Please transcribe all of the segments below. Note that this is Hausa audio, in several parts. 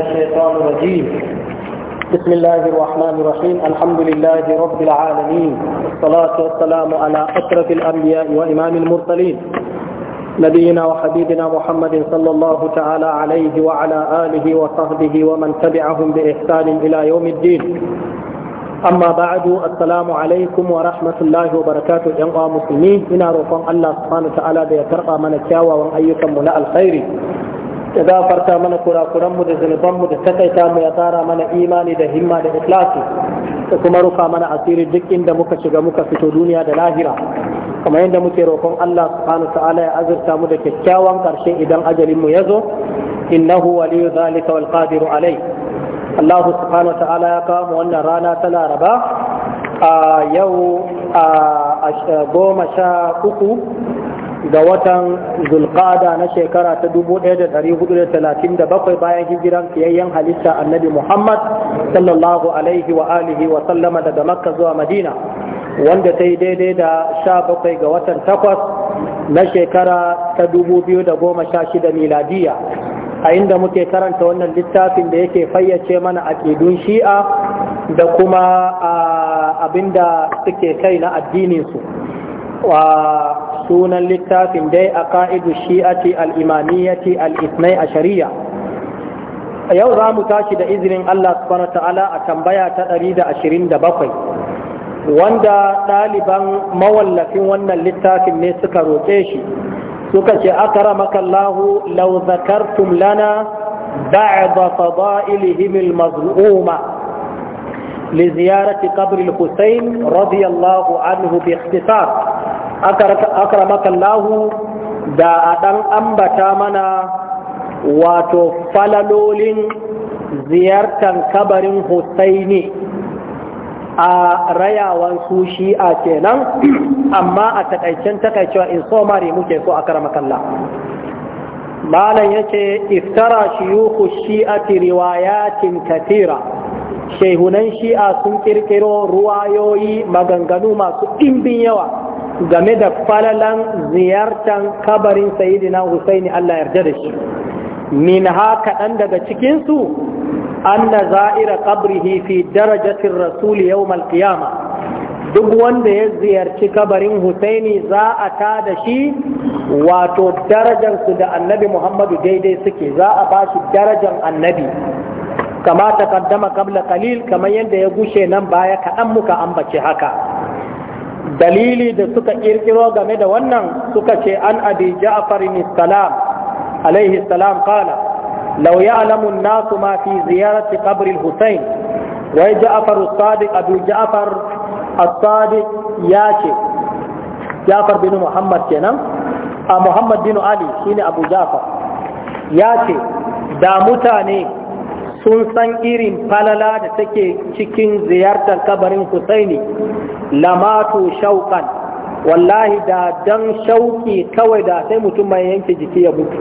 الشيطان الرجيم بسم الله الرحمن الرحيم الحمد لله رب العالمين والصلاة والسلام على أشرف الأنبياء وإمام المرسلين نبينا وحبيبنا محمد صلى الله تعالى عليه وعلى آله وصحبه ومن تبعهم بإحسان إلى يوم الدين أما بعد السلام عليكم ورحمة الله وبركاته جمع مسلمين إنا رفع الله سبحانه وتعالى بيترقى من الشاوى وأن أيكم ملاء الخير ya gafarta mana kurakuranmu da zunubanmu da takaita mu ya tsara mana imani da himma da ikhlasi da kuma rufa mana asiri duk inda muka shiga muka fito duniya da lahira kamar yadda muke roƙon Allah subhanahu ta'ala ya azurta mu da kyakkyawan karshe idan ajalin mu ya zo innahu waliyu zalika wal qadiru alai Allah subhanahu ta'ala ya kawo mu wannan rana ta Laraba a yau a goma sha uku ga watan zulqada na shekara ta 1437 bayan hijiran fiyayyen halitta annabi Muhammad sallallahu alaihi wa alihi wa sallama daga Makka zuwa Madina wanda ta yi daidai da sha 17 ga watan takwas na shekara ta goma sha shida miladiya a inda muke karanta wannan littafin da yake fayyace mana aƙidun shi'a da kuma ah, abinda suke kai na addininsu. su wa sunan littafin dai a ka'idu shi'ati al'imamiyyati al'ismai a shari'a yau za mu tashi da izinin Allah subhanahu ta'ala a tambaya ta ɗari da bakwai. wanda ɗaliban mawallafin wannan littafin ne suka roƙe shi suka ce aka Allahu law zakartum lana ba'd fada'ilihim al-maz'uma لزيارة قبر الحسين رضي الله عنه باختصار lahu da a ɗan ambata mana wato falalolin ziyartar kabarin Hussaini a rayawan su shi'a kenan amma a takaicen takaicewa in so mare muke so a karmakalla malam yake iftara shiyuku shi'ati riwayatin katira shehunan shi'a sun kirkiro ruwayoyi maganganu masu ɗimbin yawa game da falalan ziyartan kabarin sayidina husaini Allah yarda da shi min ha kaɗan daga cikinsu anna za'ira qabrihi fi darajatin rasul yawm alqiyama duk wanda ya ziyarci kabarin husaini za a ta da shi wato darajarsu da annabi muhammadu daidai suke za a ba shi darajar annabi kama ta kaddama kabla kalil kamar yadda ya gushe nan baya kaɗan muka ambace haka dalili da suka kirkiro game da wannan suka ce an abi ja'far bin salam alaihi salam qala law ya'lamu an-nasu ma fi ziyarati qabr al-husayn wa ja'far as-sadiq abu ja'far as-sadiq yace ja'far bin muhammad kenan a muhammad bin ali shine abu ja'far ce, da mutane sun san irin falala da take cikin ziyartar kabarin Husaini lamatu shauƙan wallahi da dan shauƙi kawai da sai mutum mai yanke jiki ya mutu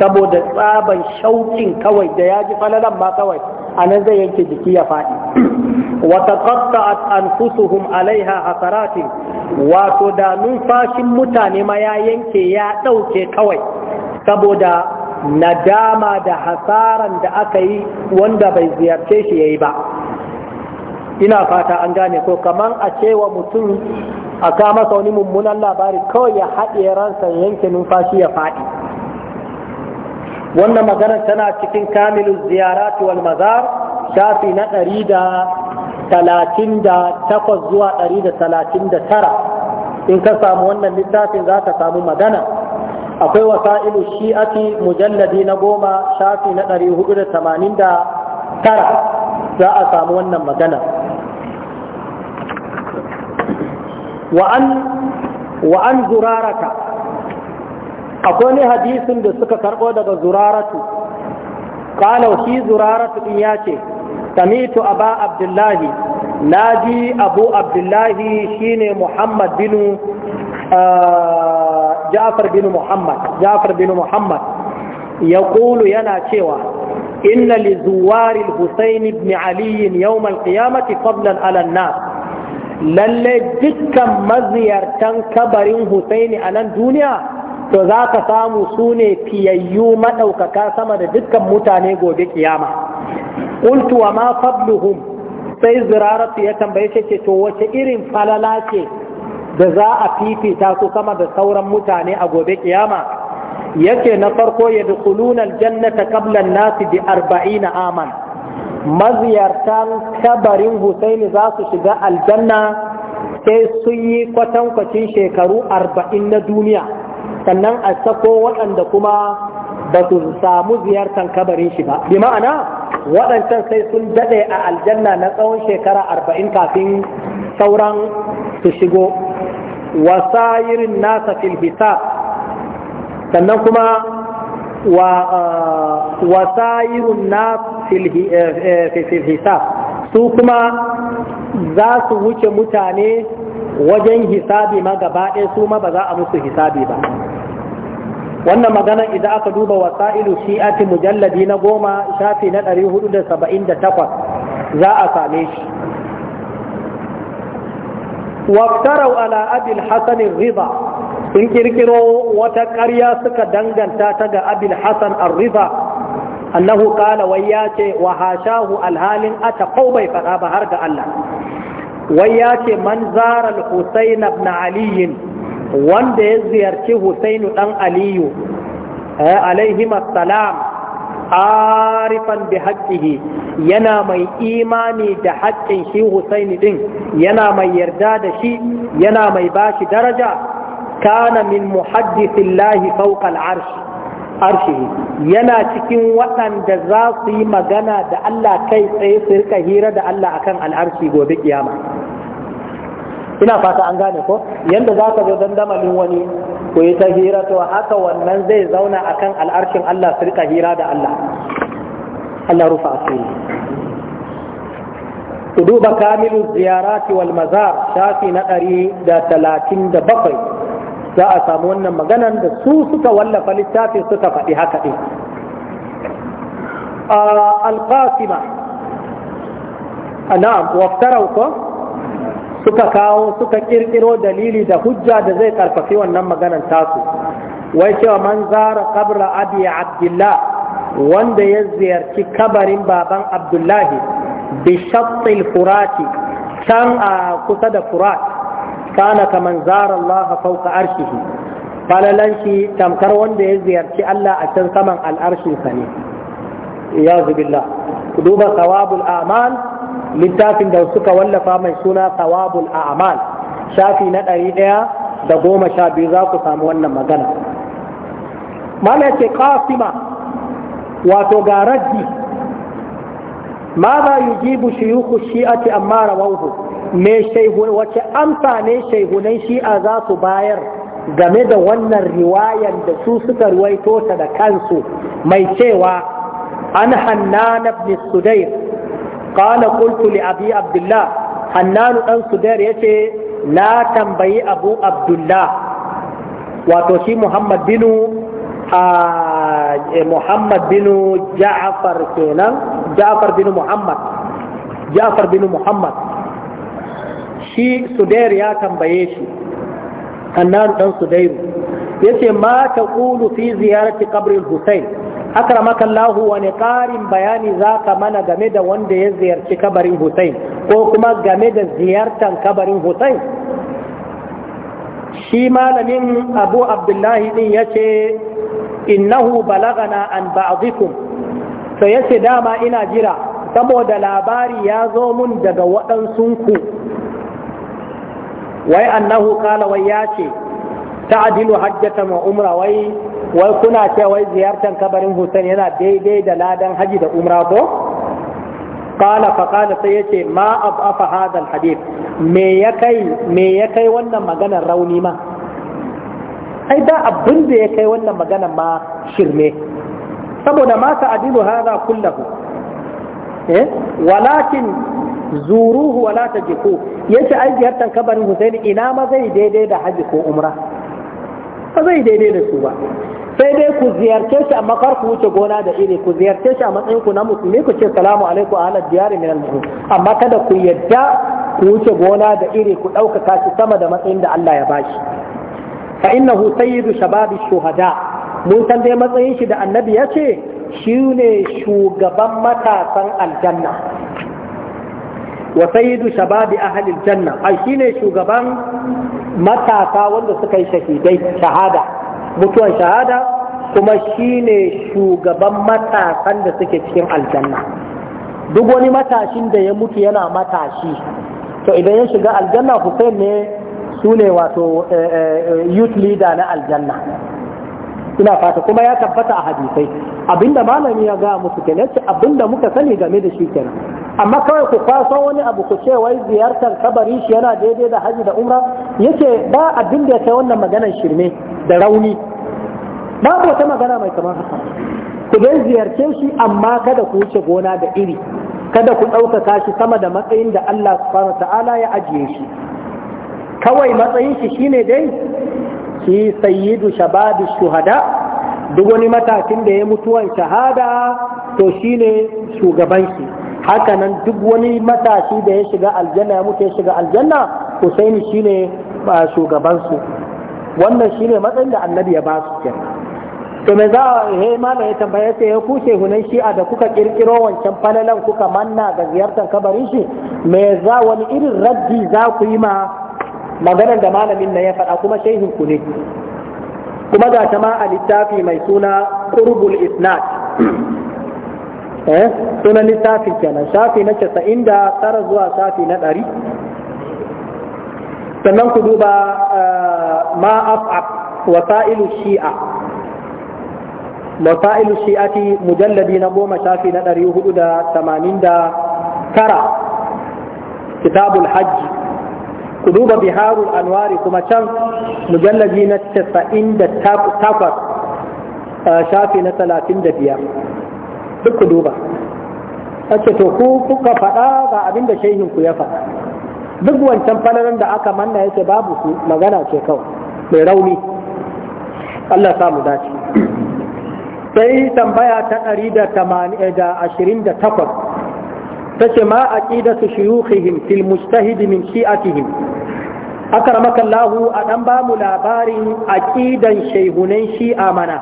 saboda tsaban shauƙin kawai da ya ji falalan ma kawai a nan zai yanke jiki ya faɗi wata qatta'at anfusuhum alaiha hasaratin wato da numfashin mutane ma ya yanke ya ɗauke kawai saboda nadama da hasaran da aka yi wanda bai ziyarce shi ya yi ba ina fata an gane ko kamar a cewa mutum a kama wani mummunan labari kawai ya haɗe ransa yanke numfashi ya faɗi wannan magana tana cikin kamilu ziyaratu wal mazar shafi na ɗari da talatin da takwas zuwa ɗari da talatin da tara in ka samu wannan littafin za ka samu magana akwai wasa'ilu shi'ati mujalladi na goma shafi na ɗari hudu da tamanin da tara za a samu wannan magana wa'an zuraraka akwai ne hadisin da suka karɓo daga zuraratu ƙalau shi zuraratu ɗin ya ce tamitu aba abdullahi naji abu abdullahi shine muhammad binu ah, Ja'far bin Muhammad Ja'far bin Muhammad yaqulu yana cewa inna li zuwaril Husayn ibn Ali yawm al-qiyamati fadlan 'ala lalle dukkan maziyartan kabarin Husaini a nan duniya to za ka samu su ne fiyayyu maɗaukaka sama da dukkan mutane gobe kiyama ƙultu wa ma fabluhum sai ziraratu ya tambaye shi ce to wace irin falala ce da za a fifita su sama da sauran mutane a gobe kiyama yake na farko ya dukulunal jannata kablan nasi bi na aman maziyartan kabarin husaini za su shiga aljanna sai sun yi kwatankwacin shekaru arba'in na duniya sannan a sako waɗanda kuma ba su samu ziyartar kabarin shi ba bi ma'ana waɗancan sai sun daɗe a aljanna na tsawon shekara arba'in kafin sauran su shigo sayirin nasa fil hisab sannan kuma wa uh, wasayirun nas eh, eh, fil hisab su kuma za su wuce mutane wajen hisabi ma gaba ɗaya su ma ba za a musu hisabi ba wannan magana idan aka duba wasa'ilu shi'ati mujalladi na goma shafi na 478 za a same shi waftarau ala abil hasanin riba sun kirkiro wata ƙarya suka danganta ta ga abil hasan arriba annahu kala wai ya ce wa hashahu alhalin ta kau bai faɗa ba har ga Allah wai ya ce man zara al-husayn ibn aliyin wanda ya ziyarci husainu dan aliyu eh, alaihim assalam arifan bi haqqihi yana mai imani da haƙƙin shi Husaini din yana mai yarda da shi yana mai bashi daraja kana min muhaddisillahi fawqa al arshi arshihi yana cikin waɗanda za su yi magana da Allah kai tsaye su rika hira da Allah akan al'arshi gobe kiyama ina fata an gane ko yanda za ka zo dandamalin wani ku yi ta hira to haka wannan zai zauna kan al'arshin Allah su rika hira da Allah Allah rufa asiri ku duba kamilu ziyarati wal mazar shafi na ɗari da talatin da bakwai za a samu wannan maganan da su suka wallafa littafi suka faɗi haka ɗin alƙasima na'am waftarau suka kawo suka kirkiro dalili da hujja da zai karfafi wannan maganar tasu wai cewa man zara kabra abi abdullah wanda ya ziyarci kabarin baban abdullahi bi shattil furati can a kusa da furat kana kaman zara allah fauka arshihi falalan shi tamkar wanda ya ziyarci allah a can saman al'arshinsa ne ya billah duba sawabul amal littafin da suka wallafa mai suna tawabul a'mal shafi na ɗari ɗaya da goma sha biyu za ku samu wannan magana mana ce kasima wato ga raddi ماذا يجيب شيوخ الشيعة amma رووه me wace amsa ne shaihunan shi'a za su bayar game da wannan riwayar da su suka ruwaito ta da kansu mai cewa an hannan ibn sudayr qala qultu li abi abdullah hannan dan sudair yace na tambayi abu abdullah wato shi muhammad binu e, muhammad binu ja'far kenan ja'far binu muhammad ja'far binu muhammad shi sudair ya tambaye shi hannan dan sudairu yace mata taqulu fi ziyarati qabri akramakallahu wani ƙarin bayani za ka mana game da wanda ya ziyarci kabarin Hussein ko kuma game da ziyartan kabarin Hussein shi malamin abu abdullahi din ya ce innahu balagana an ba'dikum to ya ce dama ina jira saboda labari ya zo mun daga waɗansunku wai annahu kala wai ya ce ta'dilu hajjatan wa umra wai wai kuna ce wai ziyartar kabarin Hussein yana daidai da ladan haji da umra ko qala fa qala sai yace ma abafa hadha al hadith me ya kai me ya kai wannan maganar rauni ma ai da abin da ya kai wannan maganar ma shirme saboda ma ta'dilu hadha kullahu eh walakin zuruhu wala tajiku yace ai ziyartar kabarin Husaini ina ma zai daidai da haji ko umra ba zai daidai da su ba sai dai ku ziyarce shi amma kar ku wuce gona da iri ku ziyarce shi a matsayin ku na musulmi ku ce salamu alaikum ahla diyari min al amma kada ku yadda ku wuce gona da iri ku ɗaukaka shi sama da matsayin da Allah ya bashi fa innahu sayyidu shababi shuhada mun san dai matsayin shi da annabi ya ce shi ne shugaban matasan aljanna wa sayyidu shababi ahli janna ai shine shugaban matasa wanda suka yi shahidai shahada mutuwan shahada kuma shine shugaban matasan da suke cikin aljanna duk wani matashin da ya mutu yana matashi to idan ya shiga aljanna Hussein ne su ne wato eh, eh, eh, youth leader na aljanna ina fata kuma ya tabbata a hadisai abinda malami ya gaya musu kenan ce abinda muka sani game da shi kenan amma kawai ku kwaso wani abu ku ce wai ziyartar kabari shi yana daidai da haji da umra yace ba abin da ya kai wannan maganar shirme da rauni babu wata magana mai kamar haka ku dai ziyarce shi amma kada ku wuce gona da iri kada ku ɗaukaka shi sama da matsayin da Allah subhanahu ta'ala ya ajiye shi kawai matsayin shi shine dai shi sayyidu shababu shuhada duk wani matakin da ya mutuwan shahada to shine shugaban haka nan duk wani matashi da ya shiga aljanna ya mutu ya shiga aljanna husaini shine shugaban su wannan shine matsayin da annabi ya ba su kenan to me za he mala ya tambaye sai ya kushe hunan shi'a da kuka kirkiro wancan falalan kuka manna ga ziyartar kabarin shi me za wani irin raddi za ku yi ma maganar da malamin na ya faɗa kuma shehin ku ne kuma ga ta ma a littafi mai suna qurbul isnad eh suna littafi kenan shafi na casa'in da tara zuwa shafi na 100 sannan ku duba ma af'af wasa'ilu shi'a wasa'ilu shi'ati mujalladi na goma shafi na ɗari hudu da tamanin da kitabul hajji ku duba biharul anwari kuma can mujallabi na da takwas shafi na da biyar. duk ku duba ake to ku kuka faɗa ga abin da shehin ku ya faɗa duk wancan falalan da aka manna yake babu su magana ce kawai mai rauni Allah samu dace sai tambaya ta ɗari da eh, da ashirin takwas. tace ma aqidatu shuyukhihim fil mujtahid min shi'atihim akramaka Allah a dan ba mu labarin aqidan shaihunan shi'a mana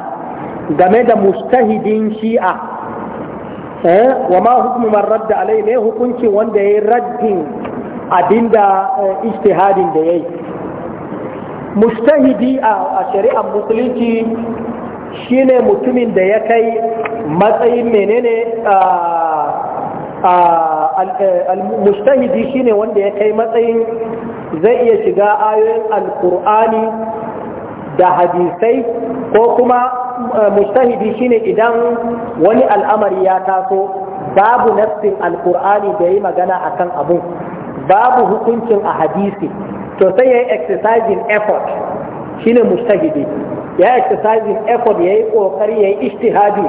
game da mustahidin shi'a eh wa ma hukmu man radda alai ne hukunci wanda ya yi raddin abinda eh, istihadin da yayi mustahidi a shari'ar musulunci shine mutumin da ya kai matsayin menene a ah, mustahidi e, mujtahidi shine wanda ya kai matsayin zai iya shiga ayoyin alkur'ani da hadisai ko kuma e, mustahidi shine idan wani al'amari ya taso babu nassin alkur'ani da yi magana akan abu babu hukuncin a hadisi to sai ya yi exercising effort shine mustahidi ya exercising effort ya yi ƙoƙari ya yi ishtihadi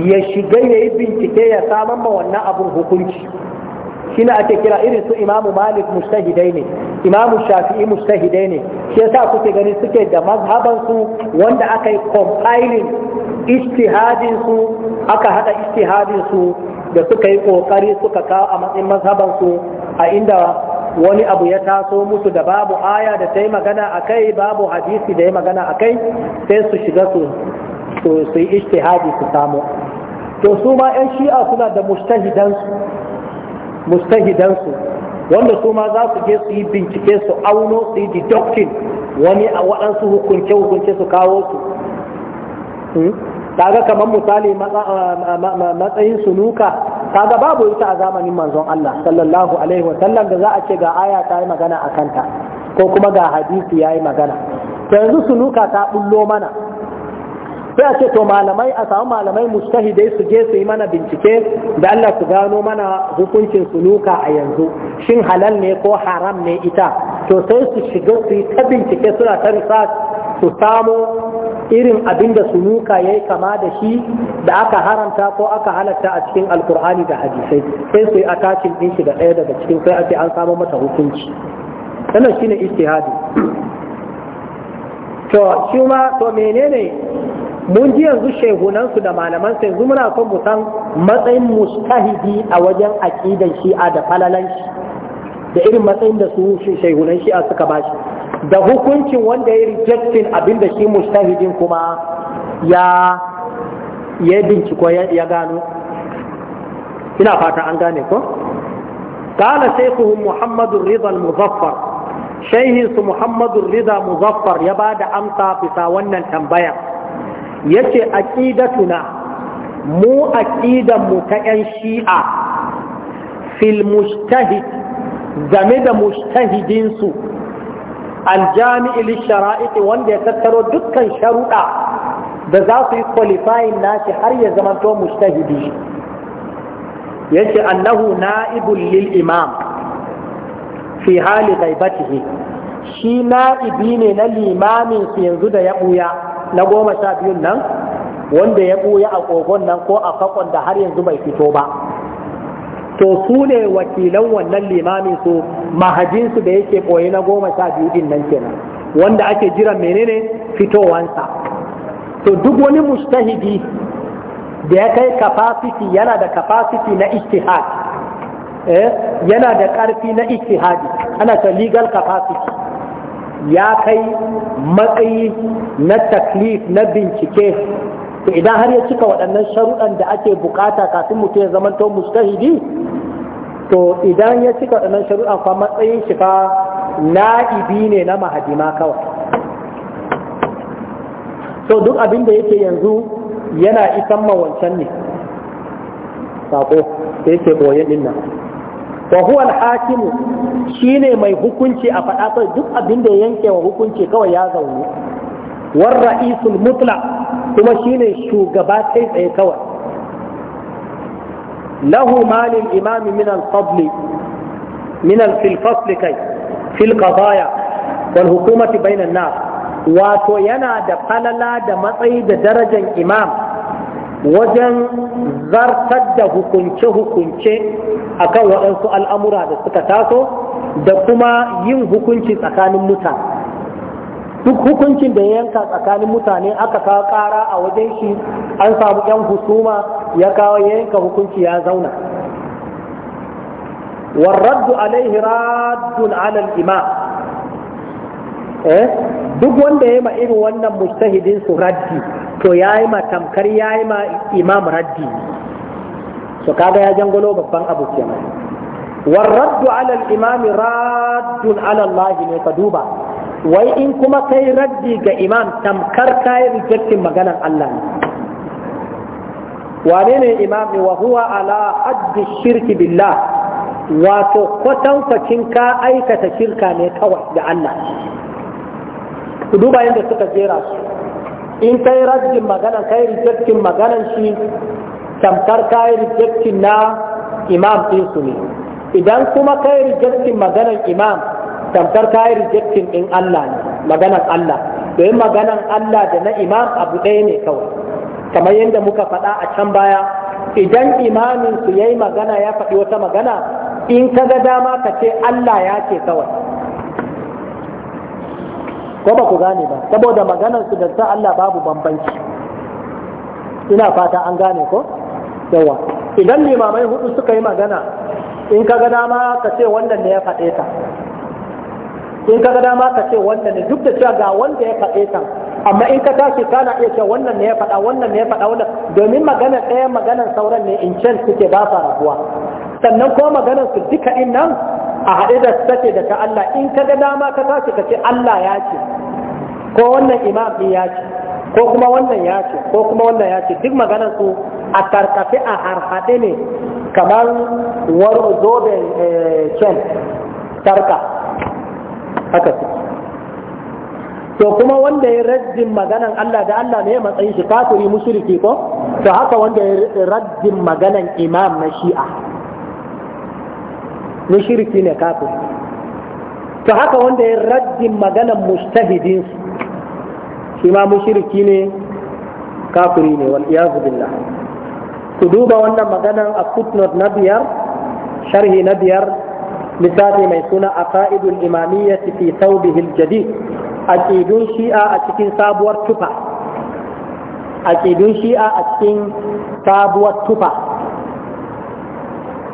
ya shiga ya yi bincike ya samar ma wannan abun hukunci shi na ake kira irin su imamu malik mustahidai ne imamu shafi'i mustahidai ne shi yasa kuke gani suke da mazhabansu wanda aka yi compiling istihadinsu aka hada su da suka yi kokari suka kawo a matsayin mazhabansu a inda wani abu ya taso musu da babu aya da ta yi magana a kai babu hadisi da ya magana a kai sai su shiga su to sai yi ijtihadi su samu to su ma yan shi'a suna da mustahidansu mustahidansu wanda su ma za su je su yi bincike su auno su yi deducting wani a waɗansu hukunce hukunce su kawo su hmm? kaga kamar misali matsayin sunuka kaga babu ita a zamanin manzon Allah sallallahu alaihi wa sallam da za a ce ga aya ta yi magana a kanta ko kuma ga hadisi ya yi magana yanzu sunuka ta bullo mana sai a ce to malamai a samu malamai mustahidai su je su yi mana bincike da Allah su gano mana hukuncin suluka a yanzu shin halal ne ko haram ne ita to sai su shiga su yi ta bincike suna ta su samo irin abin da suluka ya yi kama da shi da aka haramta ko aka halatta a cikin alkur'ani da hadisai sai su yi attachin din shi da ɗaya daga cikin sai a ce an samo mata hukunci wannan shine ijtihadi to shi ma to menene mun ji yanzu shehunansu da malaman sai yanzu muna son mu san matsayin mustahidi a wajen aqidan shi'a da falalan shi da irin matsayin da su shehunan shi'a suka ba shi. da hukuncin wanda ya rejectin abin da shi mustahidin kuma ya ya binciko ya gano ina fata an gane ko قال شيخهم محمد الرضا المظفر شيخ محمد الرضا مظفر يبعد أمسى wannan تنبيا yace aqidatuna mu aqidan mu ta yan shi'a fil mujtahid game da mujtahidin su aljami'i lishara'iti wanda ya tattaro dukkan sharuɗa da za su yi qualifying nashi har ya zamanto mujtahidi yace annahu na'ibul lil imam fi hali ghaibatihi shi na'ibi ne na limamin su yanzu da ya buya na goma sha biyun nan wanda ya ɓuya a kogon nan ko a fakon da har yanzu bai fito ba to su ne wakilan wannan limamin su mahajinsu da yake ɓoye na goma sha biyu din nan kenan wanda ake jiran menene fitowansa to duk wani mustahidi da ya kai kafafiti yana da kafafiti na ijtihad eh yana da ƙarfi na ijtihadi ana ta legal capacity ya kai matsayi na taklif na bincike to idan har ya cika waɗannan sharuɗan da ake bukata kafin mutum ya zamanto mustahidi to idan ya cika waɗannan sharuɗan fa matsayin shi fa na'ibi ne na mahadima kawa. To duk abin da yake yanzu yana isan ma wancan ne sako da yake boye ɗin wa huwa al-hakimu shine mai hukunci a faɗa kai duk abin da yanke wa hukunci kawai ya zaune war ra'isul mutla kuma shine shugaba kai tsaye kawai lahu malil imami min al-fadl min al-fasl kai fil qadaya wal hukumati bainan nas wato yana da falala da matsayi da darajar imam wajen zartar da hukunce-hukunce a kan waɗansu al'amura da suka taso da kuma yin hukunci tsakanin mutane duk hukuncin da ya yanka tsakanin mutane aka kawo ƙara a wajen shi an samu ‘yan husuma ya kawo ya yanka hukunci ya zauna warraddu alaihi raddun alal Eh? duk wanda ya ma irin wannan mujtahidin su raddi to ya yi ma tamkar ya yi ma imam raddi so kaga ya jangolo babban abu mai. warraddu ala al-imam raddun ala Allah ne ka duba wai in kuma kai raddi ga imam tamkar kai rejectin maganar Allah ne wane ne imam wa huwa ala haddi shirki billah wato kwatankwacin ka aikata shirka ne kawai da Allah ku duba yadda suka jera su in kai raddin magana kai rejectin maganan shi tamkar kai rejectin na imam din su ne idan kuma kai rejectin maganan imam tamkar kai rejectin din Allah ne maganan Allah domin maganan Allah da na imam abu ɗaya ne kawai kamar yadda muka faɗa a can baya idan imamin su yayi magana ya faɗi wata magana in ka ga dama ka ce Allah ya ce kawai ko ba ku gane ba saboda maganar su da ta Allah babu bambanci ina fata an gane ko yawa idan limamai hudu suka yi magana in ka ga dama ka ce wannan ne ya faɗe ta in ka ga dama ka ce wannan ne duk da cewa ga wanda ya faɗe ta amma in ka tashi kana iya cewa wannan ne ya faɗa wannan ne ya faɗa wannan domin magana ɗaya maganar sauran ne in can suke ba fara rabuwa sannan ko maganar su duka in nan a haɗe da take da ta Allah in ka ga dama ka tashi ka ce Allah ya ce ko wannan imam ɗin ya ce ko kuma wannan ya ce ko kuma wannan ya ce duk maganar su a karkafe a harhaɗe ne kamar wani zoben eh, ken sarka haka su to kuma wanda ya raddin maganan Allah da Allah ne matsayin shi kafiri mushriki ko to haka wanda ya raddin maganan imam na shi'a mushriki ne kafiri to haka wanda ya raddin maganan mustahidin su shi ma mushriki ne kafiri ne wal iyazu billah ku duba wannan maganan a footnote na biyar sharhi na biyar lissafi mai suna a ka'idul imamiyyati fi thawbihil jadid aqidun shi'a a cikin sabuwar tufa aqidun shi'a a cikin sabuwar tufa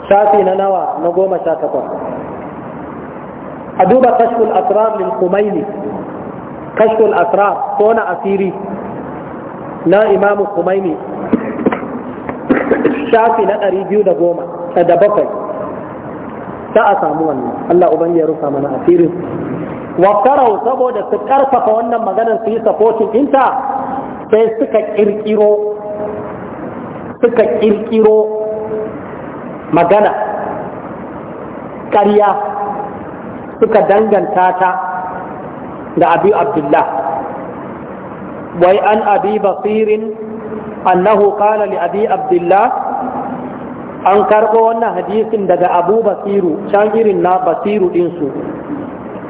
shafi na nawa na goma sha takwas a duba kashful asrar lil kumaini kashful asrar ko na asiri na imamu kumaini shafi na ɗari biyu da goma da bakwai ta a samu Allah uban ya rufa mana asirin wakarau saboda su karfafa wannan maganar su yi supporting inta sai suka magana ƙarya suka danganta ta da abi abdullah wai an abi basirin annahu qala li abi abdullah an karbo wannan hadisin daga abu basiru can irin na basiru dinsu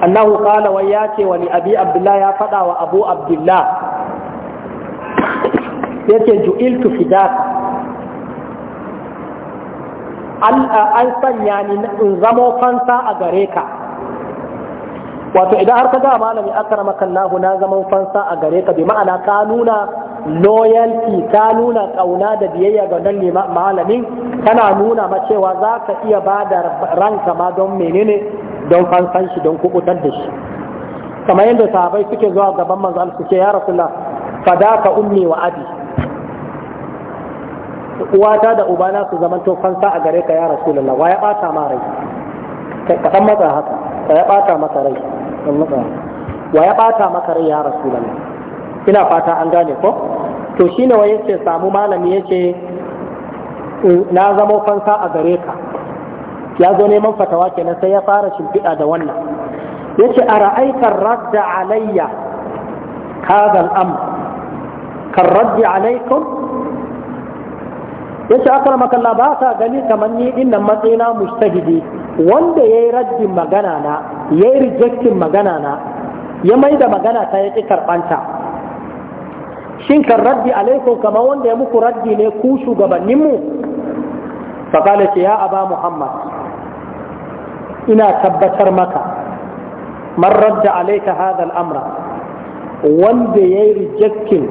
annahu qala wai ya ce wa li abi abdullah ya fada wa abu abdullah yace ju'iltu fidaka an sanya ni in zamo fansa a gare ka wato idan har ka ga malami akramaka Allah na zaman fansa a gare ka bi ma'ana ka nuna loyalty ka nuna kauna da biyayya ga wannan malamin kana nuna ma cewa za ka iya ba da ranka ma don menene don fansan shi don kubutar da shi kamar yadda sahabai suke zuwa gaban manzo Allah suke ya rasulullah fadaka ummi wa abi uwata da ubana su zaman to fansa a gare ka ya rasulullah wa ya bata ma rai ka san matsa haka ka ya bata masa rai wa ya bata maka rai ya ina fata an gane ko to shine wa yace samu malami yace na zamo fansa a gare ka ya zo neman fatawa kenan sai ya fara shimfiɗa da wannan yace a ra'aikar radda alayya kazal am kan raddi alaikum yace aka makalla ba sa gani kamar ni innan matsayina mustahidi wanda ya yi raddin magana na ya yi rejectin magana na ya mai da magana ta ya ƙi karɓanta shin kan raddi alaikum kamar wanda ya muku raddi ne ku shugabanninmu faƙala ce ya aba muhammad ina tabbatar maka man radda alaika hadha al'amra wanda ya yi rijektin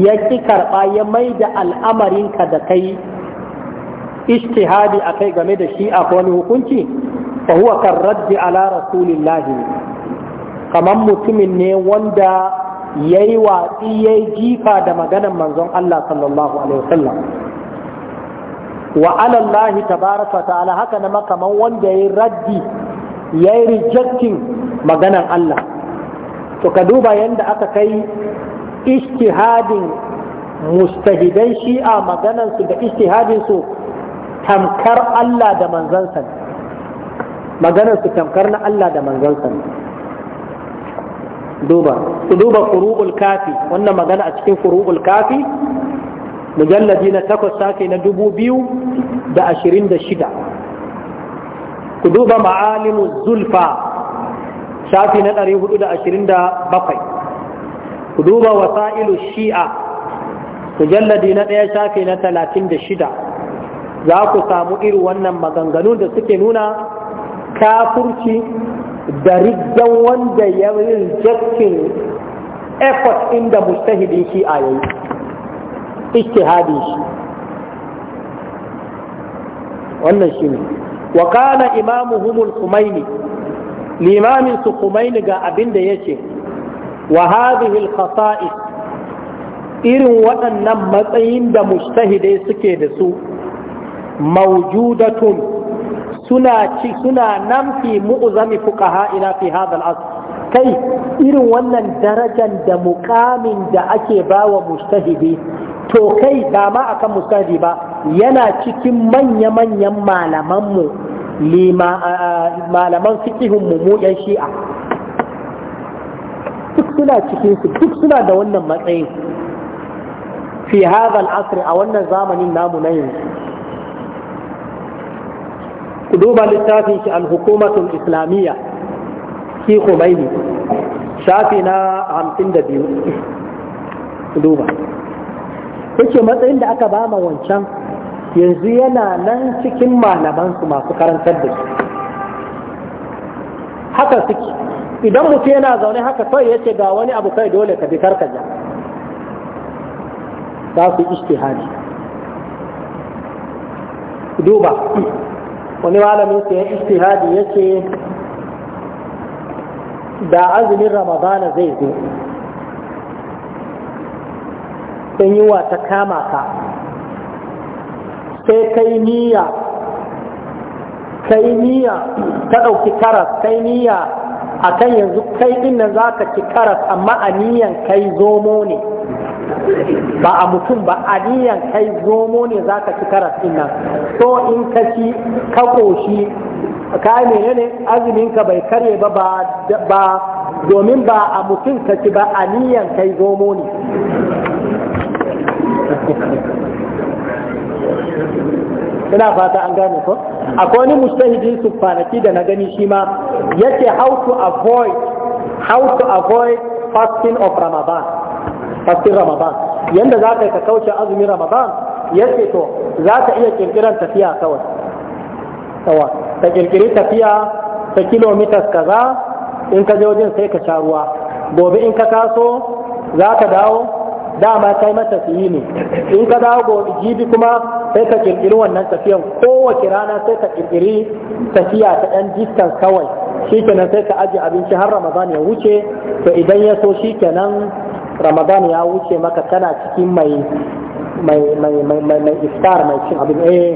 ya ƙi karɓa ya mai da al'amarinka da kai ishtihadi a kai game da shi a wani hukunci fa kan raddi ala rasulillahi kamar mutumin ne wanda ya yi watsi ya yi jifa da maganan manzon Allah sallallahu alaihi wasallam wa alallahi tabaraka ta'ala haka na makaman wanda ya yi raddi ya yi rejecting maganan Allah to ka duba yadda aka kai istihadin mustahidan shi'a maganansu da istihadinsu tamkar Allah da manzansa maganar su tamkar na Allah da manzansa duba ku duba furu'ul kafi wannan magana a cikin furu'ul kafi mujalladi na takwas sake na dubu biyu da ashirin da shida ku duba ma'alimu zulfa shafi na ɗari hudu da ashirin da bakwai ku duba wasa'ilu shi'a mujalladi na ɗaya shafi na talatin da shida za ku samu irin wannan maganganun da suke nuna kafurci da riggan wanda ya rejectin effort inda mustahidin shi a yayi ijtihadin shi wannan shi ne wa kana imamuhum limamin su kumaini ga abin da yace wa hadhihi al irin waɗannan matsayin da mustahidai suke da su maujudatun suna ci suna nan fi mu'zami fuqaha ila fi hadha al-asr kai irin wannan darajar da mukamin da ake bawa mustahidi to kai dama akan mustahidi ba yana cikin manya-manyan malamanmu malaman fikihun mu yan shi'a duk suna cikin su duk suna da wannan matsayin fi hadha al a wannan zamanin namu na yanzu ku duba littafin shi al-hukumatul islamiyya shi Khomeini shafi na hamsin da biyu ku duba matsayin da aka bama wancan yanzu yana nan cikin malamansu masu karantar da su haka suke idan mutum yana zaune haka kawai yace ga wani abu kai dole ka bi karka ja za su ishtihadi duba wani malamin sa ya istihadi ya ce da azumin ramadana zai zo sun yi ta kama ka sai kai niyya kai niyya ta ɗauki karas kai niyya a kan yanzu kai ɗin nan za ka ci karas amma a niyan kai zomo ne ba a mutum ba aniyan kai zomo ne za ka ci karas ɗin nan so in ka ci ka koshi ka yi menene azumin ka bai karye ba ba domin ba a mutum ka ci ba aniyan kai zomo ne ina fata an gane ko akwai wani mustahidi su kwanaki da na gani shi ma yace how to avoid how to avoid fasting of ramadan fastin ramadan yanda za ka yi ka kauce azumin ramadan yace to za ka iya kirkiran tafiya kawai ta kirkiri tafiya ta kilomitas kaza in ka wajen sai ka sha ruwa gobe in ka taso za ka dawo dama kai matafiyi ne in ka dawo gobe jibi kuma sai ka kirkiri wannan tafiyan kowace rana sai ka kirkiri tafiya ta yan distance kawai shikenan sai ka ajiye abinci har ramadan ya wuce to idan ya so shikenan ramadan ya wuce maka kana cikin mai mai mai mai mai mai iftar mai cin abin eh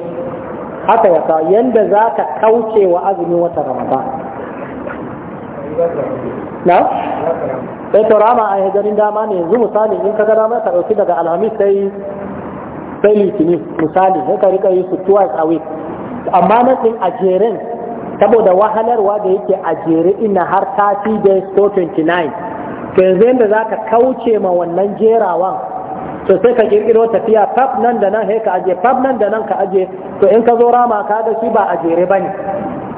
haka ya kawo yanda za kauce wa azumin wata ramadan na? sai to rama a ganin dama ne yanzu misali in ka ga dama ka ɗauki daga alhamis sai sai litinin misali sai ka rika yi su twice a week amma na tsin a saboda wahalarwa da yake a jere ina har 30 days to 29 to yanzu yadda za ka kauce ma wannan jerawan to sai ka kirkiro tafiya fab nan da nan ka aje fab nan da nan ka aje to in ka zo rama ka ga shi ba a jere bane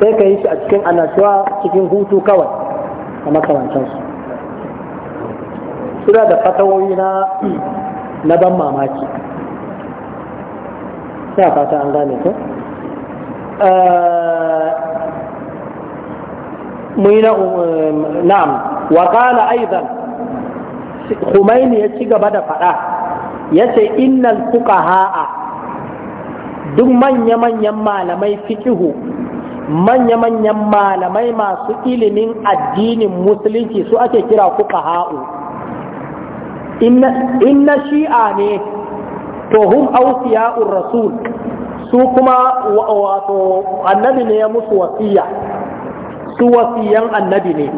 sai ka yi shi a cikin annashuwa cikin hutu kawai a makamantan su suna da fatawoyi na ban mamaki sai fata an gane ko eh, Um, na'am wa qala aidan Khumaini ya ci gaba da faɗa ya ce innal fuqaha'a duk manya-manyan malamai fikihu manya-manyan malamai masu ilimin addinin musulunci su ake kira fuqaha'u inna shi'a ne to hum awsiya'ur rasul su kuma wato annabi ne ya musu wasiya su wasiyan annabi ne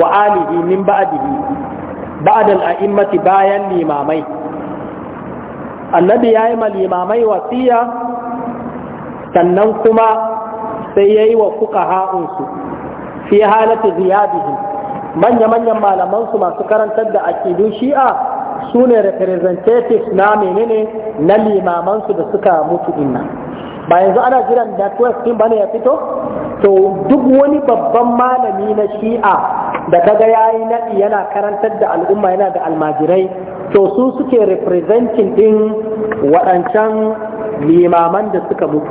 wa alihi min ba'dihi ba'da al'immati bayan limamai annabi ya yi ma limamai wasiya sannan kuma sai ya yi wa fuka ha'unsu fi halatu ziyadihim manya-manyan malamansu masu karantar da akidun shi'a su ne representatives na menene na limamansu da suka mutu inna ba yanzu ana jiran da 12 din bane ya fito to duk wani babban malami na shi'a da kaga yayi nadi yana karantar da al'umma yana da almajirai to su suke representing din waɗancan limaman da suka mutu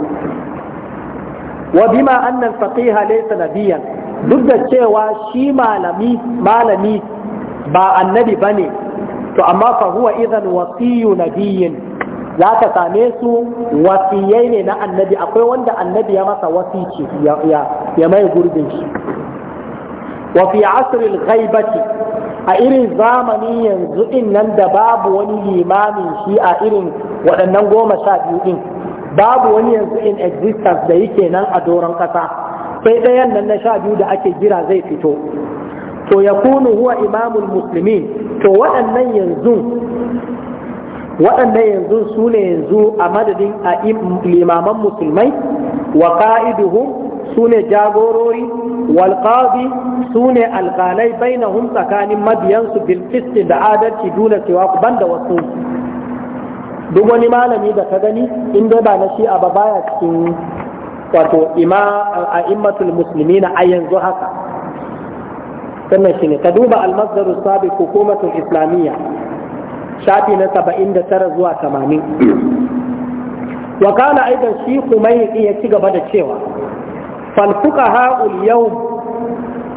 wa bima annan faqiha laysa nabiyan duk da cewa shi malami malami ba annabi bane to amma fa huwa idan wasiyu nabiyin za ka same su wasiyai ne na annabi akwai wanda annabi ya masa wasici ya mai gurbin shi wafi asirin asril ghaibati a irin zamani yanzu in nan da babu wani limamin shi a irin waɗannan goma sha biyu din babu wani yanzu in existence da yake nan a doron ƙasa sai ɗayan nan na sha biyu da ake jira zai fito to ya kunu huwa imamul musulmi to waɗannan yanzu waɗannan yanzu su ne yanzu a madadin a limaman musulmai wa ka'iduhum su ne jagorori walƙazi su ne alƙalai bainahum tsakanin mabiyansu bilkisti da adalci duna cewa da wasu duk wani malami da ka gani in dai ba na shi a baya cikin wato ima a immatul musulmi na a yanzu haka sannan shi ne ka duba almasdaru sabi hukumatul islamiyya shafi na saba'in da tara zuwa tamanin wakala aidan shi kuma ya ci gaba da cewa falfuka ha'ul yau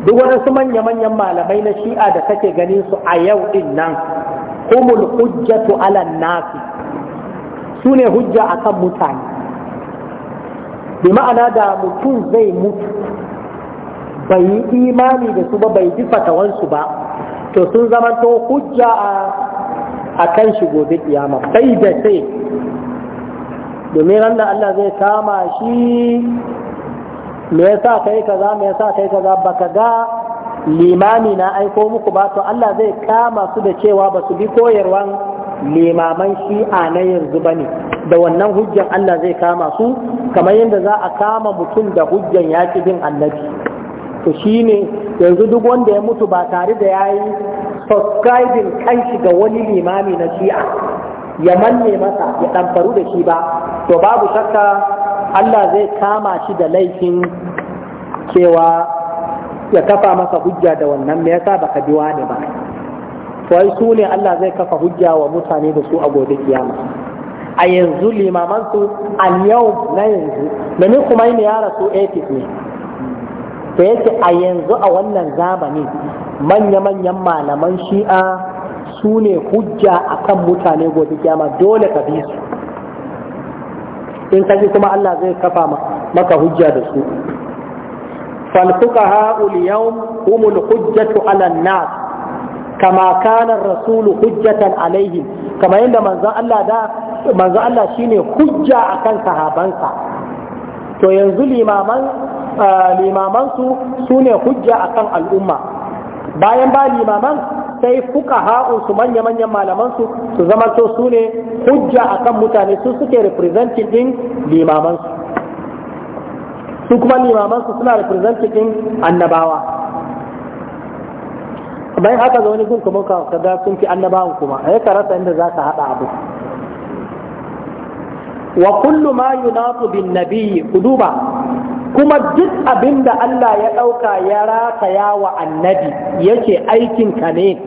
duk su manya-manyan malamai na shi'a da kake ganin su a yau din nan humul hujjatu ala nasi su ne hujja akan mutane bi ma'ana da mutum zai mutu bai yi imani da su ba bai ji fatawansu ba to sun zama to hujja a a kan shi gobe kiyama sai da sai domin randa Allah zai kama shi me yasa kai kaza me yasa kai kaza baka ga limami na aiko muku ba to Allah zai kama su da cewa ba su bi koyarwan limaman shi a na yanzu bane da wannan hujjan Allah zai kama su kamar yadda za a kama mutum da hujjan yaki bin annabi to ne yanzu duk wanda ya mutu ba tare da ya yayi subscribing kanshi ga wani limami na shi'a ya manne masa ya ɗanfaru da shi ba to babu shakka Allah zai kama shi da laifin cewa ya kafa masa hujja da wannan me yasa baka biwa ne ba wai su ne Allah zai kafa hujja wa mutane da su a gobe kiyama a yanzu limaman su yau na yanzu ni kuma ya rasu 80 ne da yake a yanzu a wannan zamani manya-manyan malaman shi'a su ne hujja a kan mutane gobe kyama dole ka bi su in kaji kuma Allah zai kafa maka hujja da su falkuka ha'ul yau umul hujjatu ala nas kama kana rasulu hujjatan alaihim kama yadda manzon Allah da manzon Allah shine hujja akan sahabansa to yanzu limaman limamansu su ne hujja akan al'umma bayan ba limaman sai fuka ha'unsu manya-manyan malamansu su to su ne hujja akan mutane su suke representing din limamansu su kuma limamansu suna representing annabawa bayan haka zaune gun kuma ka da sun fi annabawan kuma a yi rasa inda za ka haɗa abu wa kullu ma yunatu bin ku kuduba kuma duk abin da Allah ya ɗauka ya rataya wa annabi yake aikinka ne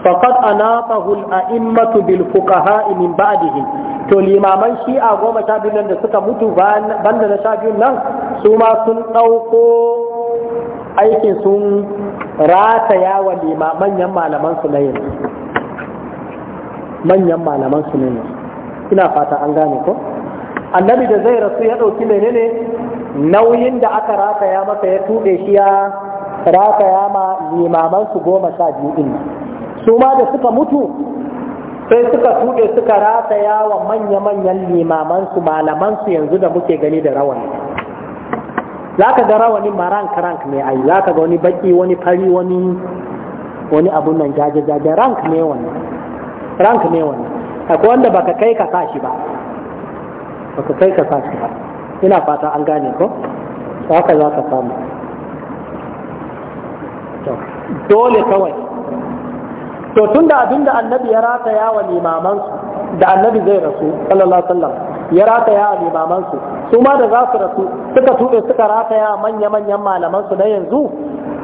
faqad a al-a'immatu bil fuqaha min ba'dihim to limaman shi'a goma sha biyu nan da suka mutu banda na sha biyu nan su ma sun ɗauko aikin sun rataya wa manyan malaman su na yanzu ina fata an gane ko annabi da zai rasu ya ɗauki menene nauyin da aka rataya masa ya tuɗe shi ya rataya ma limaman su goma sha biyu ɗin su ma da suka mutu sai suka tuɗe suka rataya wa manya-manyan limaman su malaman su yanzu da muke gani da rawani za ka ga rawani ma rank rank ne ai za ka ga wani baki wani fari wani wani abun nan jaje-jaje rank ne wani rank ne wani akwai wanda baka kai ka sa shi ba ba kai ka sa shi ba ina fata an gane ko haka za ka samu dole kawai to tun da abin da annabi ya rataya wa limamansu da annabi zai rasu sallallahu alaihi wasallam ya rataya wa limamansu su ma da za su rasu suka tube suka rataya manya-manyan malamansu na yanzu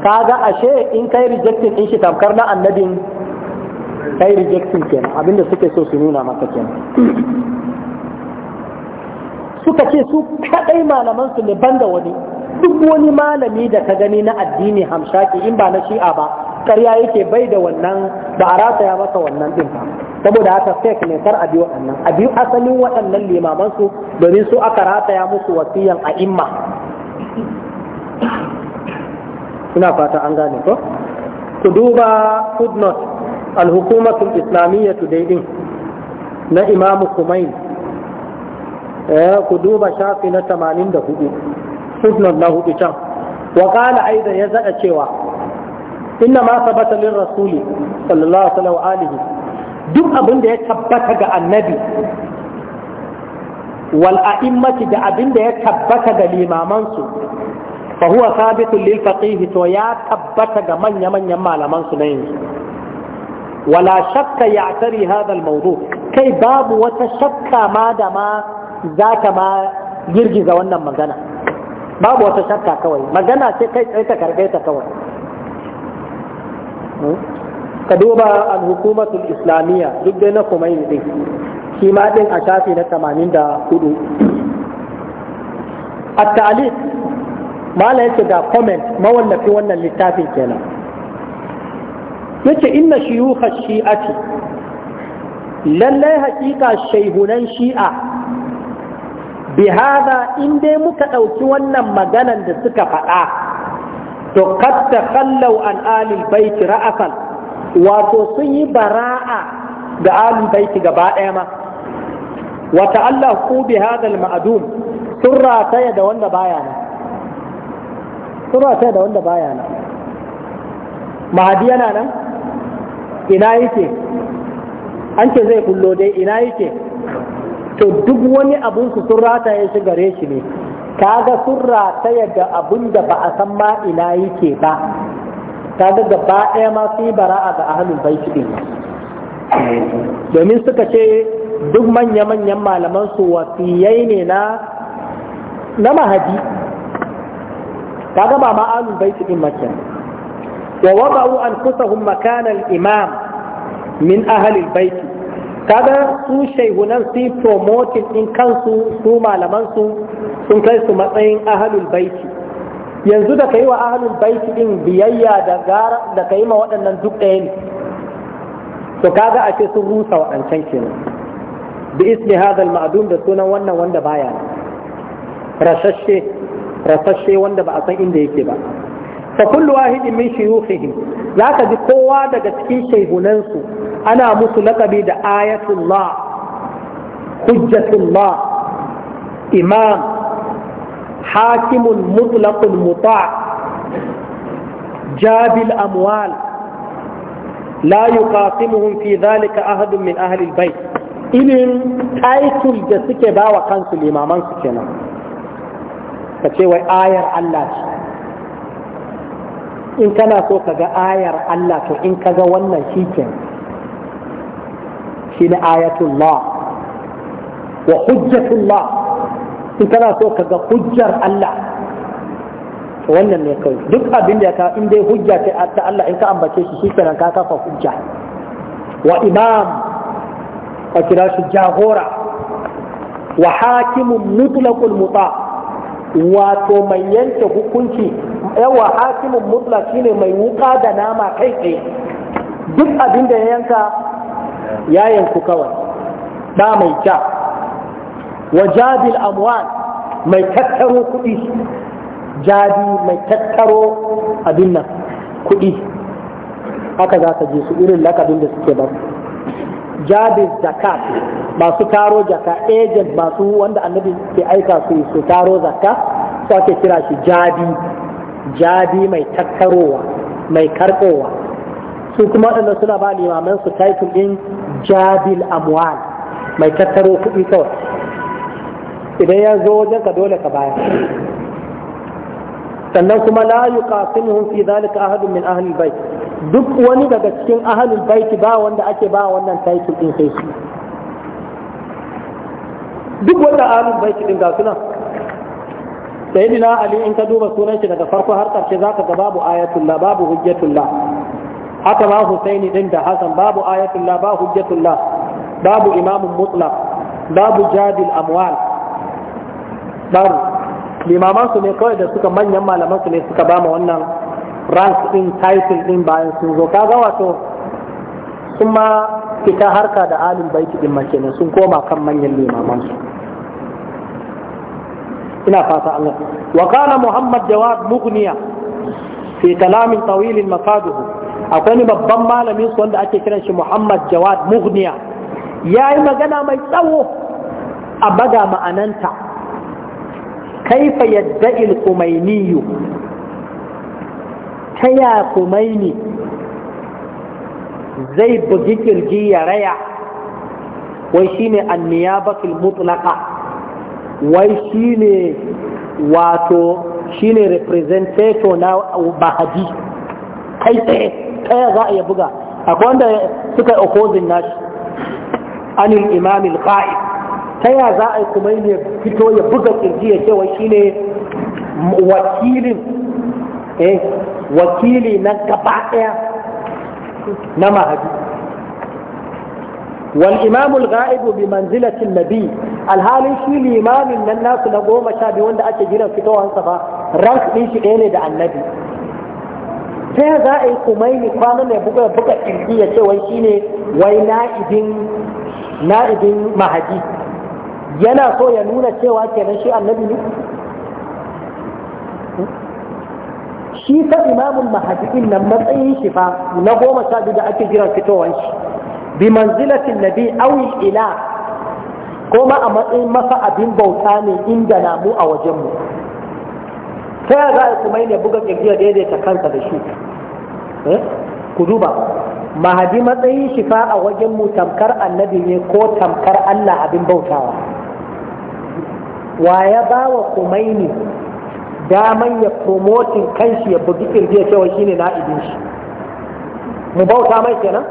kaga ashe in kai rejectin in shi tamkar na annabin kai rejectin kenan abinda suke so su nuna maka kenan suka ce su kadai malamansu su ne banda wani duk wani malami da ka gani na addini hamshaki in ba na shi'a ba karya yake bai da wannan ba a rataya masa wannan din saboda haka fake ne kar a biyu waɗannan a biyu asalin waɗannan limamansu domin su aka rataya musu wasiyan a imma ina fata an gane ko ku duba footnote al-hukumatul islamiyya today din na imamu kumain Eh, ku duba shafi na 84 footnote na hudu can wa qala aidan ya zada cewa inna ma sabata lin rasuli sallallahu alaihi wa alihi duk abin da ya tabbata ga annabi wal a'immati da abin da ya tabbata ga limamansu fa huwa sabitun lil faqih to ya tabbata ga manya manyan malaman su ne. yanzu wala shakka ya'tari hadha al mawdu kai babu wata shakka ma da za ta ma girgiza wannan magana babu wata shakka kawai magana ce kai tsaye ta karɓe ta kawai hmm? ka duba al-hukumatul islamiyya duk dai na kumaini din shi ma din a shafi na 84 A taliq mala yake ga comment mawallafin wannan littafin kenan yace inna shuyukh ash-shi'ati lallai haƙiƙa shaihunan shi'a bihada in dai muka ɗauki wannan maganan da suka faɗa to qad takhallau an ali bait ra'asan wato sun yi bara'a ga ali bait gaba ɗaya ma wa ta'allaqu bi hada al ma'dum sun rataya da wanda baya nan sun rataya da wanda baya nan mahadi yana nan ina yake an ce zai kullo dai ina yake to duk wani abun su sun rataye shi gare shi ne kaga sun rataya da abun da ba a san ma ina yake ba kaga gaba ɗaya ma su yi bara'a ga ahlul baiti din domin suka ce duk manya-manyan malaman su wasiyai ne na na mahadi kaga ba ma ahlul baiti din mace wa wada'u kusa makanan imam min ahlul baiti kaga su shaihunan su promoting din kansu su malaman su sun kai su matsayin ahalul baiti yanzu da kai wa ahalul baiti din biyayya da gara da kai ma waɗannan duk ɗaya ne to kaga a ce sun rusa waɗancan kenan bi ismi hadal ma'dum da sunan wannan wanda baya rasashe rasashe wanda ba a san inda yake ba fa kullu wahidin min shuyukhihim zaka ji kowa daga cikin su ana musu laƙabi da ayatullah hujjatullah imam hakimun mutlaqul muta jabil amwal la yuqatimuhum fi dhalika ahadun min ahli albayt ilin title da suke bawa kansu limaman su kenan ka ce wai ayar Allah ce in kana so ka ga ayar Allah to in ka ga wannan shi kenan shine ayatullah wa hujjatullah in kana so ka ga hujjar Allah wannan ne kai duk abin da ka in dai hujja ce ta Allah in ka ambace shi shikenan ka kafa hujja wa imam ka kira shi jagora wa hakimun mutlaqul muta' wato mai yanke hukunci yawa eh, hakimin mutlak shine mai wuka da nama kai tsaye duk abin da ya yanka yayin ku kawai ba mai ja wajabil amwal mai tattaro kuɗi jadi mai tattaro abin nan kuɗi haka za ka je su irin lakabin da suke ba jabir zakat masu taro jaka agent masu wanda annabi ke aika su su taro zakka su ake kira shi jadi jadi mai tattarowa mai karkowa su kuma waɗanda suna ba limaman su title ɗin jabil amwal mai tattaro kuɗi kawai idan ya zo wajen ka dole ka baya sannan kuma la yuqasimuhum fi dhalika ahadun min ahli bait duk wani daga cikin ahli bait ba wanda ake ba wannan title ɗin sai shi duk wanda ahli bait ɗin ga suna sayyidina ali in ka duba sunan shi daga farko har karshe zaka ga babu ayatullah babu hujjatullah haka ma Husaini din da Hassan babu ayatullah ba hujjatullah babu Imam mutlaq babu jadil amwal babu limaman su ne kawai da suka manyan malaman su ne suka ba mu wannan rank din title din bayan sun zo kaga wato sun ma fita harka da alin baiti din makenan sun koma kan manyan limaman su ina fata Allah wa kana Muhammad Jawad Mughniya fi kalamin tawilin mafaduhu akwai ni babban malamin su wanda ake kiran shi Muhammad Jawad Mughniya ya yi magana mai tsawo a baga ma'ananta kaifa yadda il-kumainiyu ta ya kumaini zai bugi kirji ya raya wai shine anniyabatul mutlaqa wai shine wato shine representative na bahaji kai tsaye taya za a ya buga a wanda suka yi opposing nashi anil imam al-qa'id taya za a yi kuma ya fito ya buga kirji ya ce shi ne wakilin eh wakili na gaba daya na mahadi wal imam al-ghaib bi manzilati an-nabi alhalin shi limamin nan nasu na goma sha biyu wanda ake jiran fitowansa ba rank din shi ɗaya ne da annabi sai za a yi kumaini kwana mai buga buga kirki ya ce wai shine wai na'ibin na'ibin mahadi yana so ya nuna cewa kenan shi annabi ne shi ta imamun mahadin nan matsayin shi fa na goma sha biyu da ake jiran fitowar shi bi manzilatin nabi awi ila kuma a matsayin masa abin bauta ne inda na mu a wajenmu ta yaya za a kuma ne buga kirji ya daidaita kansa da shi eh? ku duba mahadi matsayin shifa a wajen mu tamkar annabi ne ko tamkar Allah abin bautawa wa ya ba wa kumaini daman ya promotin kanshi ya bugi kirji cewa shi ne na'ibin shi mu bauta mai kenan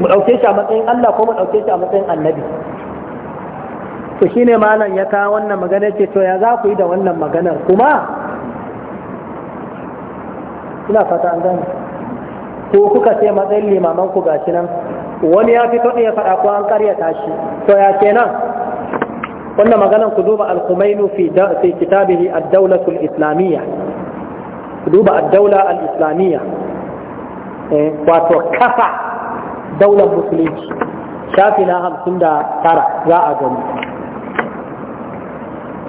mu ɗauke shi a matsayin Allah ko mu ɗauke shi a matsayin annabi to shine malam ya kawo wannan magana ce to ya za ku yi da wannan maganar kuma ina fata an gane ko kuka ce matsayin limaman ku gashi nan wani ya fito ya faɗa ko an karyata tashi to ya kenan wannan maganan ku duba al-Khumaini fi kitabihi ad islamiyya ku duba ad-dawla al-islamiyya eh wato kafa daular musulunci shafi na hamsin da tara za a gani